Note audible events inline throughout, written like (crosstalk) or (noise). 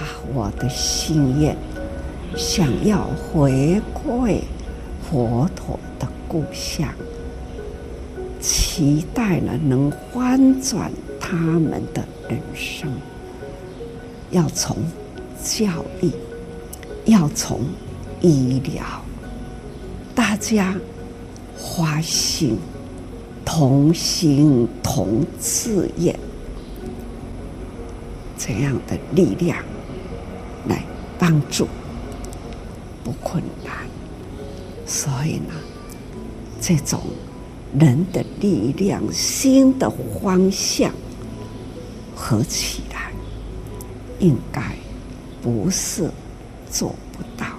啊，我的心願，想要回饋佛陀的故鄉，期待呢能翻轉，轉他們的人生。要從教育，要從醫療，大家花心、同心、同志業，這樣的力量。幫助不困難，所以呢，這種人的力量、心的方向合起來，應該不是做不到。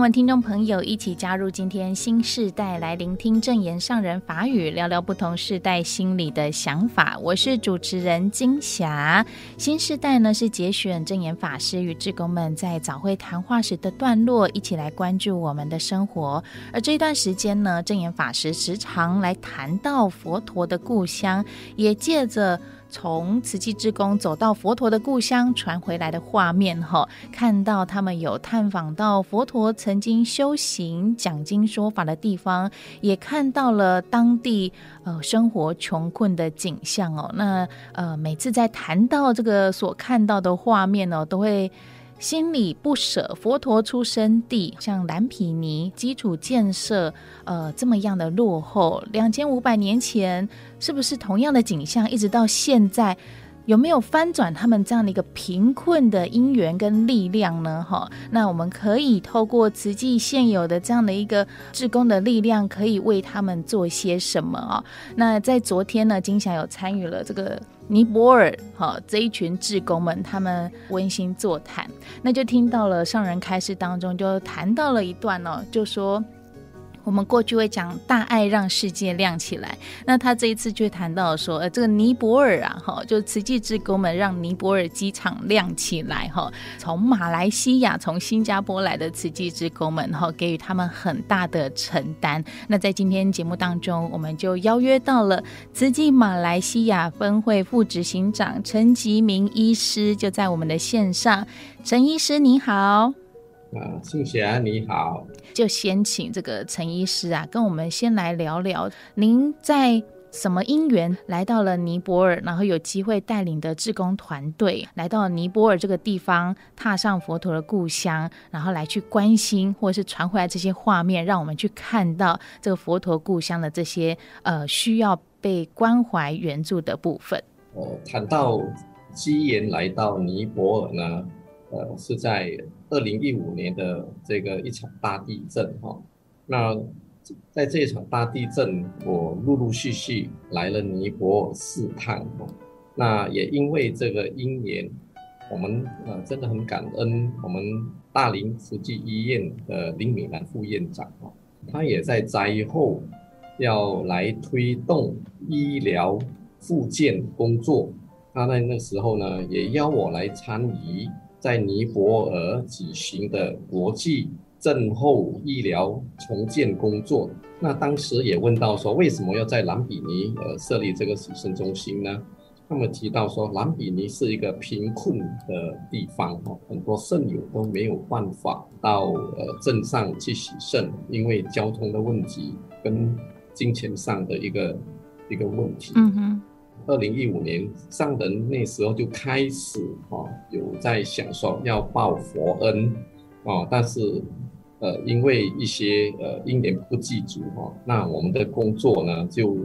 歡迎聽眾朋友一起加入今天心示代，來聆聽證嚴上人法語，聊聊不同世代心裡的想法。我是主持人金霞。心示代呢，是節選證嚴法師與志工們在早會談話時的段落，一起來關注我們的生活。而這一段時間呢，證嚴法師時常來談到佛陀的故鄉，也借着。從慈濟之宮走到佛陀的故鄉傳回來的畫面，看到他們有探訪到佛陀曾經修行、講經說法的地方，也看到了當地生活窮困的景象哦。那，呃，每次在談到這個所看到的畫面都會。心裡不捨，佛陀出生地像藍毗尼基礎建設，呃，這麼樣的落後，兩千五百年前是不是同樣的景象？一直到現在，有沒有翻轉他們這樣的一個貧困的因緣跟力量呢？哈，那我們可以透過慈濟現有的這樣的一個志工的力量，可以為他們做些什麼啊？那在昨天呢，金霞有參與了這個。尼泊爾哈這一群志工們，他們溫馨座談，那就聽到了上人開示當中，就談到了一段呢，就說。我們過去會講大愛讓世界亮起來，那他這一次就談到說，呃，這個尼泊爾啊，哈，就是慈濟志工們讓尼泊爾機場亮起來，哈，從馬來西亞、從新加坡來的慈濟志工們，哈，給予他們很大的承擔。那在今天節目當中，我們就邀約到了慈濟馬來西亞分會副執行長陳吉民醫師，就在我們的線上。陳醫師，你好。啊，靜霞啊，你好，就先請這個陳醫師啊，跟我們先來聊聊，您在什麼因緣來到了尼泊爾，然後有機會帶領的志工團隊來到了尼泊爾這個地方，踏上佛陀的故鄉，然後來去關心或是傳回來這些畫面，讓我們去看到這個佛陀故鄉的這些呃需要被關懷援助的部分。哦，談到機緣來到尼泊爾呢？呃，是在二零一五年的這個一場大地震哈、哦，那在這一場大地震，我陸陸續續來了尼泊爾四趟、哦，那也因為這個因緣，我們呃真的很感恩我們大林慈濟醫院的林美蘭副院長哦，他也在災後要來推動醫療復健工作，他在那時候呢也邀我來參與。在尼泊爾舉行的國際震後醫療重建工作，那當時也問到說，為什麼要在藍毗尼設立這個洗腎中心呢？他們提到說，藍毗尼是一個貧困的地方，很多腎友都沒有辦法到呃鎮上去洗腎，因為交通的問題跟金錢上的一個一個問題。嗯哼二零一五年上人那時候就開始啊、哦，有在想說要報佛恩啊、哦，但是呃，因為一些呃因緣不具足哈、哦，那我們的工作呢就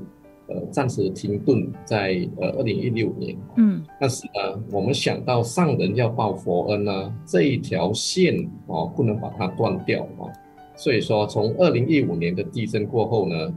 呃暫時停頓在呃二零一六年。嗯，但是呢、呃，我們想到上人要報佛恩呢，這一條線哦不能把它斷掉哦，所以說從二零一五年的地震過後呢。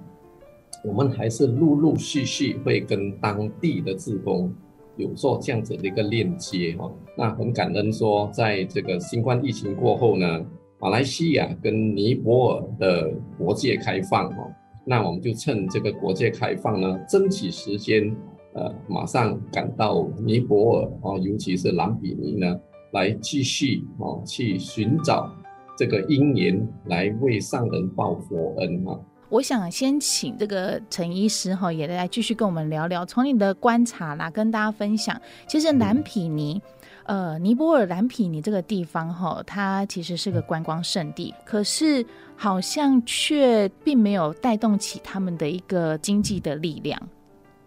我們還是陸陸續續會跟當地的志工有做這樣子的一個鏈接哈、啊，那很感恩說，在這個新冠疫情過後呢，馬來西亞跟尼泊爾的國界開放哈、啊，那我們就趁這個國界開放呢，爭取時間，呃，馬上趕到尼泊爾啊，尤其是藍毗尼呢，來繼續啊去尋找這個因緣來為上人報佛恩哈、啊。我想先請這個陳醫師哈，也來繼續跟我們聊聊。從你的觀察啦，跟大家分享，其實藍毗尼，嗯、呃，尼泊爾藍毗尼這個地方哈，它其實是個觀光勝地，嗯、可是好像卻並沒有帶動起他們的一個經濟的力量。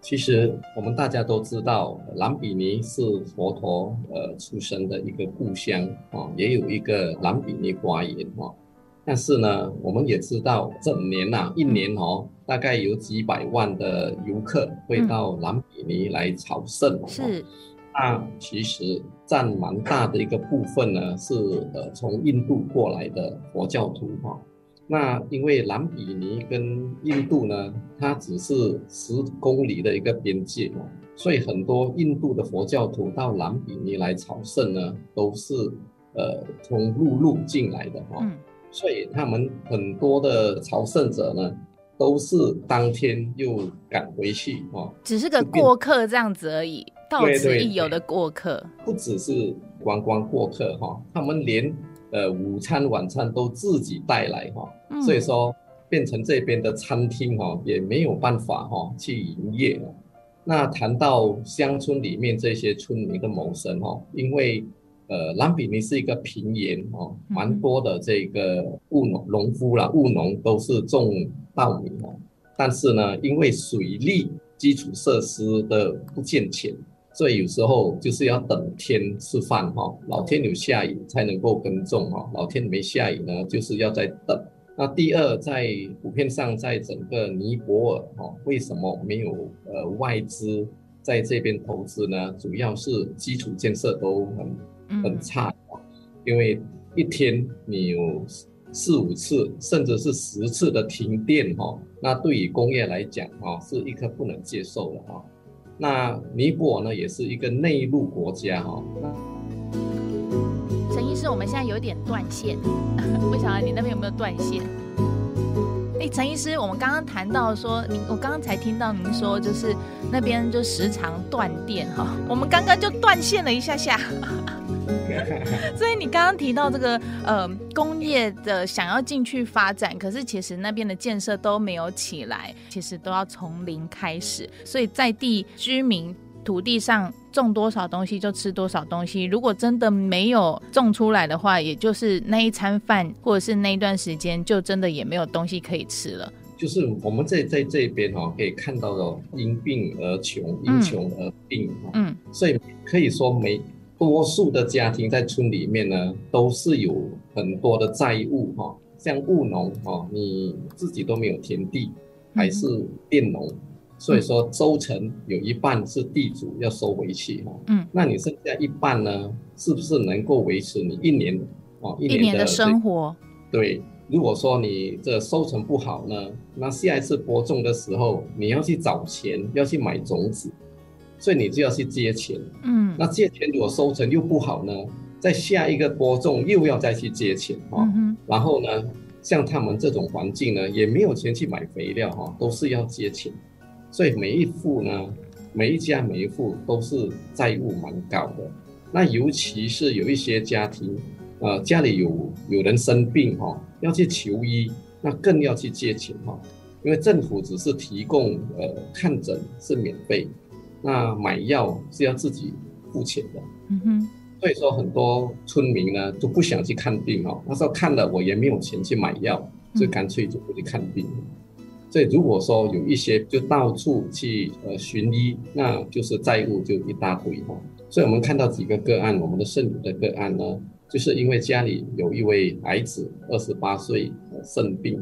其實我們大家都知道，藍毗尼是佛陀呃出生的一個故鄉啊、哦，也有一個藍毗尼花園哈。哦但是呢，我們也知道，這年吶、啊，一年哦，嗯、大概有幾百萬的遊客會到藍毗尼來朝聖、哦，那、嗯啊、其實佔蠻大的一個部分呢，是呃，從印度過來的佛教徒哈、哦。那因為藍毗尼跟印度呢，它只是十公里的一個邊界，所以很多印度的佛教徒到藍毗尼來朝聖呢，都是呃，從陸路進來的哈、哦。嗯所以他們很多的朝聖者呢，都是當天又趕回去、哦、只是個過客這樣子而已，到此一遊的過客。不只是觀光過客哈、哦，他們連呃午餐、晚餐都自己帶來哈，哦嗯、所以說變成這邊的餐廳哈、哦、也沒有辦法哈、哦、去營業了。那談到鄉村裡面這些村民的謀生哈、哦，因為。呃，藍毗尼是一個平原哦，蠻多的這個務農農夫啦，務農都是種稻米哦。但是呢，因為水利基礎設施的不健全，所以有時候就是要等天吃飯哈、哦。老天有下雨才能夠耕種啊，老天沒下雨呢，就是要在等。那第二，在普遍上，在整個尼泊爾哦，為什麼沒有呃外資在這邊投資呢？主要是基礎建設都很。嗯，很差，因為一天你有四五次，甚至是十次的停電哈，那對於工業來講哦，是一刻不能接受的哦。那尼泊爾呢，也是一個內陸國家哈。陳醫師，我們現在有點斷線，不曉得你那邊有沒有斷線？哎，陳醫師，我們剛剛談到說，你，我剛剛才聽到您說，就是那邊就時常斷電哈，我們剛剛就斷線了一下下。 (laughs) 所以你剛剛提到這個呃工業的想要進去發展，可是其實那邊的建設都沒有起來，其實都要從零開始。所以在地居民土地上種多少東西就吃多少東西，如果真的沒有種出來的話，也就是那一餐飯或者是那一段時間，就真的也沒有東西可以吃了。就是我們在在這邊哈、哦、可以看到的，因病而窮，嗯、因窮而病、哦。嗯，所以可以說沒。多數的家庭在村裡面呢，都是有很多的債務哈，像務農哦，你自己都沒有田地，還是佃農，所以說收成有一半是地主要收回去哈。嗯，那你剩下一半呢，是不是能夠維持你一年哦一年，一年的生活？對，如果說你這收成不好呢，那下一次播種的時候，你要去找錢，要去買種子。所以你就要去借錢，嗯，那借錢如果收成又不好呢，在下一個播種又要再去借錢哈，然後呢，像他們這種環境呢，也沒有錢去買肥料哈，都是要借錢，所以每一戶呢，每一家每一戶都是債務蠻高的，那尤其是有一些家庭，呃，家裡有有人生病哈，要去求醫，那更要去借錢哈，因為政府只是提供呃看診是免費。那買藥是要自己付錢的，嗯哼，所以說很多村民呢都不想去看病哦。那時候看了我也沒有錢去買藥，就乾脆就不去看病。所以如果說有一些就到處去呃尋醫，那就是債務就一大堆哦。所以我們看到幾個個案，我們的腎友的個案呢，就是因為家裡有一位孩子二十八歲呃腎病，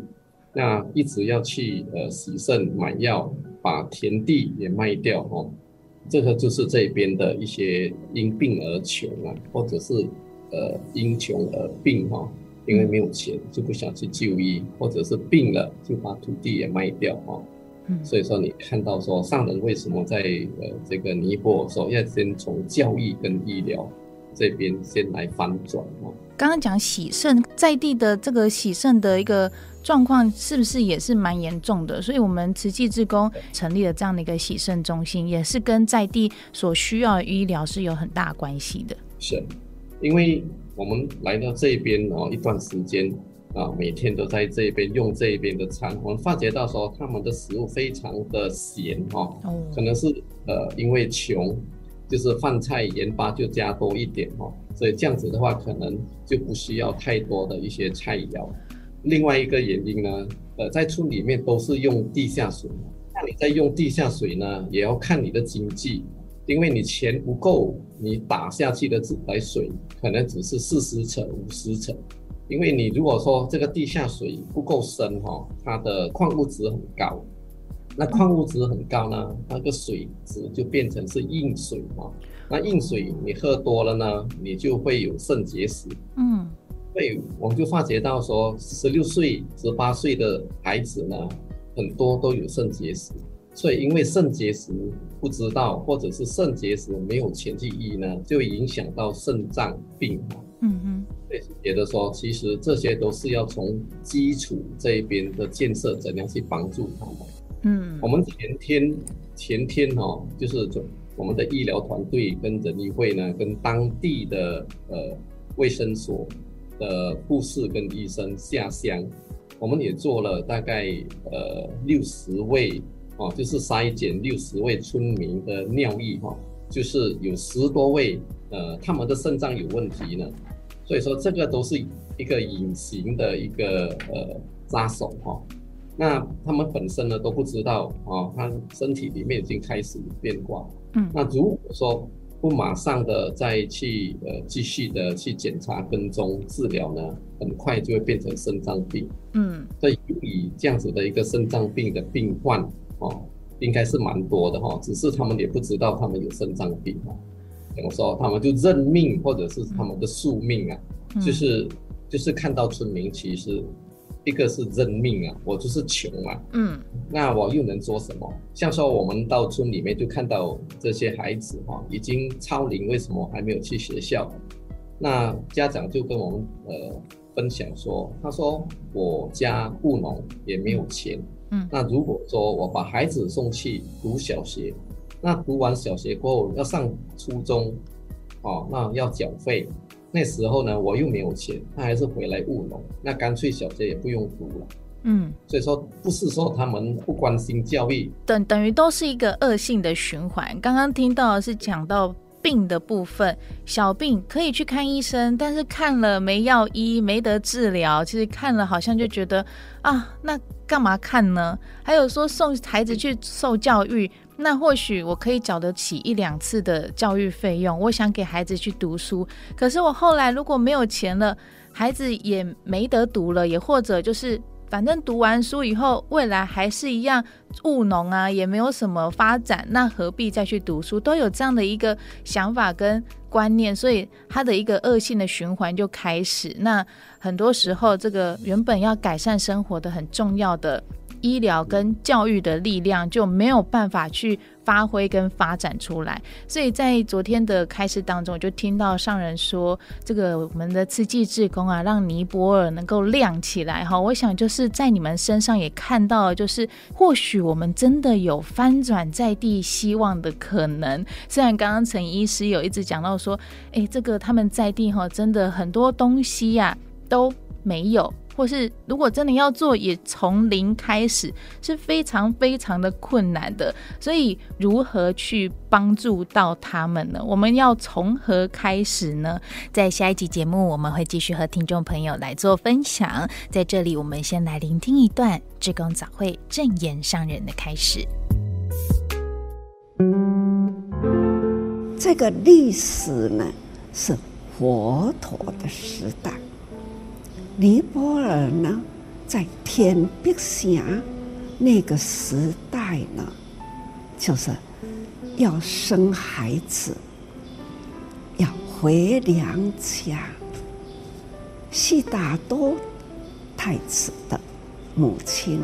那一直要去呃洗腎買藥，把田地也賣掉哦。這個就是這邊的一些因病而窮啊，或者是呃因窮而病哈、啊，因為沒有錢就不想去就醫，或者是病了就把土地也賣掉哈、啊。所以說你看到說上人為什麼在呃這個尼泊爾說要先從教育跟醫療。這邊先來翻轉哦。剛剛講洗腎在地的這個洗腎的一個狀況，是不是也是蠻嚴重的？所以，我們慈濟志工成立了這樣的一個洗腎中心，也是跟在地所需要的醫療是有很大關係的。是，因為我們來到這邊哦一段時間啊，每天都在這邊用這邊的餐，我們發覺到說他們的食物非常的鹹哦，哦可能是呃因為窮。就是飯菜鹽巴就加多一點哦，所以這樣子的話，可能就不需要太多的一些菜肴。另外一個原因呢，呃，在村裡面都是用地下水，那你在用地下水呢，也要看你的經濟，因為你錢不夠，你打下去的自來水可能只是四十層五十層，因為你如果說這個地下水不夠深哈、哦，它的礦物質很高。那礦物質很高呢，嗯、那個水質就變成是硬水嘛。那硬水你喝多了呢，你就會有腎結石。嗯，所以我們就發覺到說，十六歲、十八歲的孩子呢，很多都有腎結石。所以因為腎結石不知道，或者是腎結石沒有前期意義呢，就會影響到腎臟病嘛。嗯哼。所以覺得說，其實這些都是要從基礎這一邊的建設，怎樣去幫助他們。嗯，我們前天前天哦、啊，就是我們的醫療團隊跟人醫會呢，跟當地的呃衛生所的護士跟醫生下鄉，我們也做了大概呃六十位哦、啊，就是篩檢六十位村民的尿液哈、啊，就是有十多位呃他們的腎臟有問題呢，所以說這個都是一個隱形的一個呃殺手哈。啊那他們本身呢，都不知道哦，他身體裡面已經開始變化。嗯，那如果說不馬上的再去呃繼續的去檢查、跟蹤、治療呢，很快就會變成腎臟病。嗯，所以，以這樣子的一個腎臟病的病患哦，應該是蠻多的哈，哦。只是他們也不知道他們有腎臟病啊，哦，怎麼說？他們就認命，或者是他們的宿命啊？嗯，就是就是看到村民其實。一個是認命啊，我就是窮啊，嗯，那我又能做什麼？像說我們到村裡面就看到這些孩子哈、哦，已經超齡，為什麼還沒有去學校？那家長就跟我們呃分享說，他說我家務農也沒有錢，嗯，那如果說我把孩子送去讀小學，那讀完小學過後要上初中，哦，那要繳費。那時候呢，我又沒有錢，他還是回來務農。那乾脆小學也不用讀了。嗯，所以說不是說他們不關心教育，等等於都是一個惡性的循環。剛剛聽到的是講到病的部分，小病可以去看醫生，但是看了沒藥醫，沒得治療，其實看了好像就覺得啊，那幹嘛看呢？還有說送孩子去受教育。嗯那或許我可以繳得起一兩次的教育費用，我想給孩子去讀書。可是我後來如果沒有錢了，孩子也沒得讀了，也或者就是反正讀完書以後，未來還是一樣務農啊，也沒有什麼發展，那何必再去讀書？都有這樣的一個想法跟觀念，所以他的一個惡性的循環就開始。那很多時候，這個原本要改善生活的很重要的。醫療跟教育的力量就沒有辦法去發揮跟發展出來，所以在昨天的開示當中，我就聽到上人說：“這個我們的慈濟志工啊，讓尼泊爾能夠亮起來。”哈，我想就是在你們身上也看到，就是或許我們真的有翻轉在地希望的可能。雖然剛剛陳醫師有一直講到說：“誒、欸，這個他們在地哈，真的很多東西呀、啊、都沒有。”或是如果真的要做，也從零開始是非常非常的困難的。所以如何去幫助到他們呢？我們要從何開始呢？在下一集節目，我們會繼續和聽眾朋友來做分享。在這裡，我們先來聆聽一段《志工早會證嚴上人》的開始。這個歷史呢，是佛陀的時代。尼泊爾呢，在天竺國那個時代呢，就是要生孩子，要回娘家，悉達多太子的母親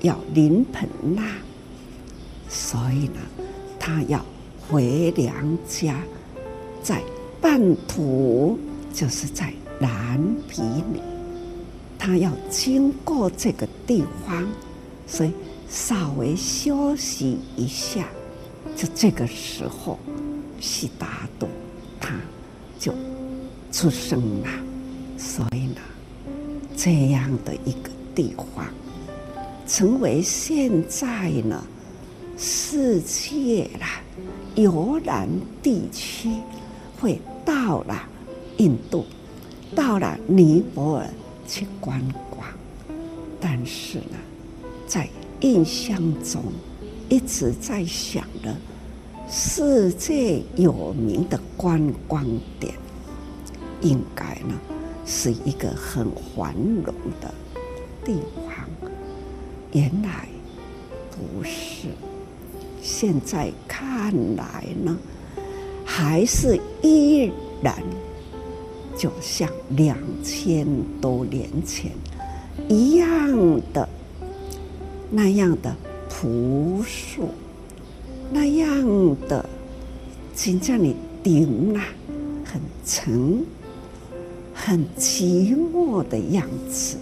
要臨盆了，所以呢，他要回娘家，在半途就是在。藍毗尼，他要經過這個地方，所以稍微休息一下，就這個時候，悉達多他就出生了。所以呢，這樣的一個地方，成為現在呢世界啦，遊覽地區會到了印度。到了尼泊爾去觀光，但是呢，在印象中一直在想的，世界有名的觀光點，應該呢是一個很繁榮的地方，原來不是，現在看來呢，還是依然。就像兩千多年前一樣的那樣的樸素，那樣的，請叫你頂啦，很沉、很寂寞的樣子。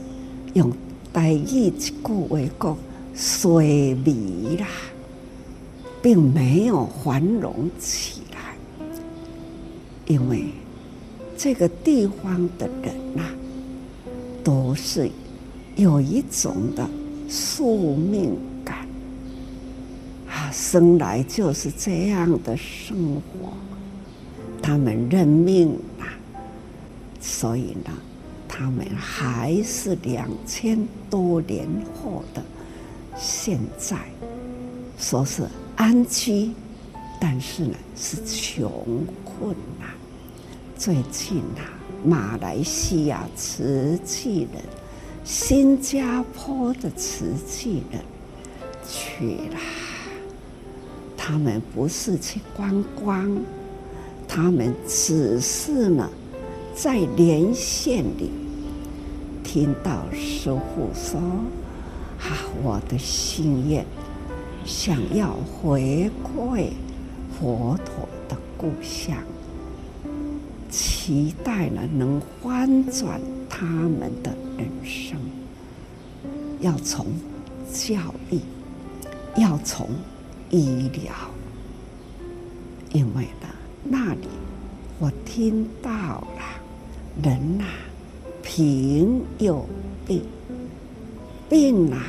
用台語一句話講，衰微啦，並沒有繁榮起來，因為。這個地方的人吶、啊，都是有一種的宿命感，啊，生來就是這樣的生活，他們認命啊，所以呢，他們還是兩千多年後的現在，說是安居，但是呢是窮困啊。最近啊，馬來西亞慈濟人、新加坡的慈濟人去了，他們不是去觀光，他們只是呢，在連線裡聽到師父說：“啊，我的心願，想要回饋佛陀的故鄉。”期待了能翻轉，轉他們的人生，要從教育，要從醫療，因為呢，那裡我聽到了，人吶、啊，貧又病，病吶、啊，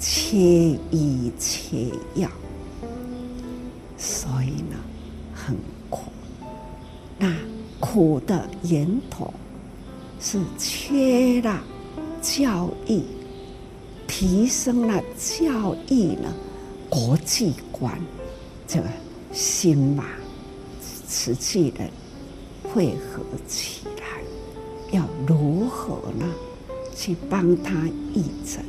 缺醫缺藥，所以呢，很苦。那。苦的源頭是缺了教育，提升了教育呢，國際觀，這個新馬慈濟人會合起來，要如何呢？去幫他義診，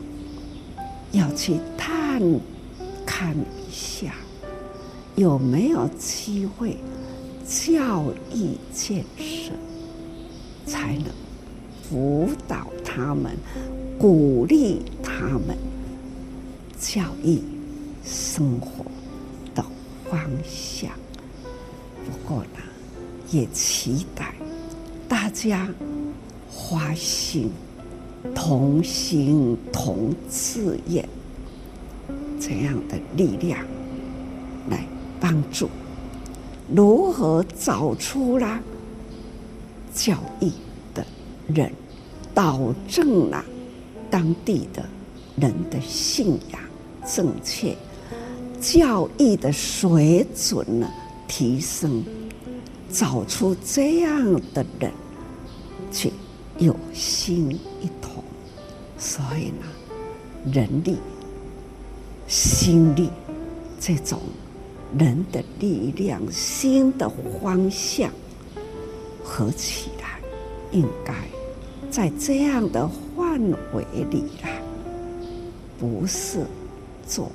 要去探看一下有沒有機會。教育建設，才能輔導他們，鼓勵他們教育生活的方向。不過呢，也期待大家花心同心同志願這樣的力量來幫助。如何找出啦，教育的人，保證了當地的人的信仰正確，教育的水準呢，提升，找出這樣的人去有心一統，所以呢，人力、心力這種。人的力量、心的方向合起來，應該在這樣的範圍裡來，不是做。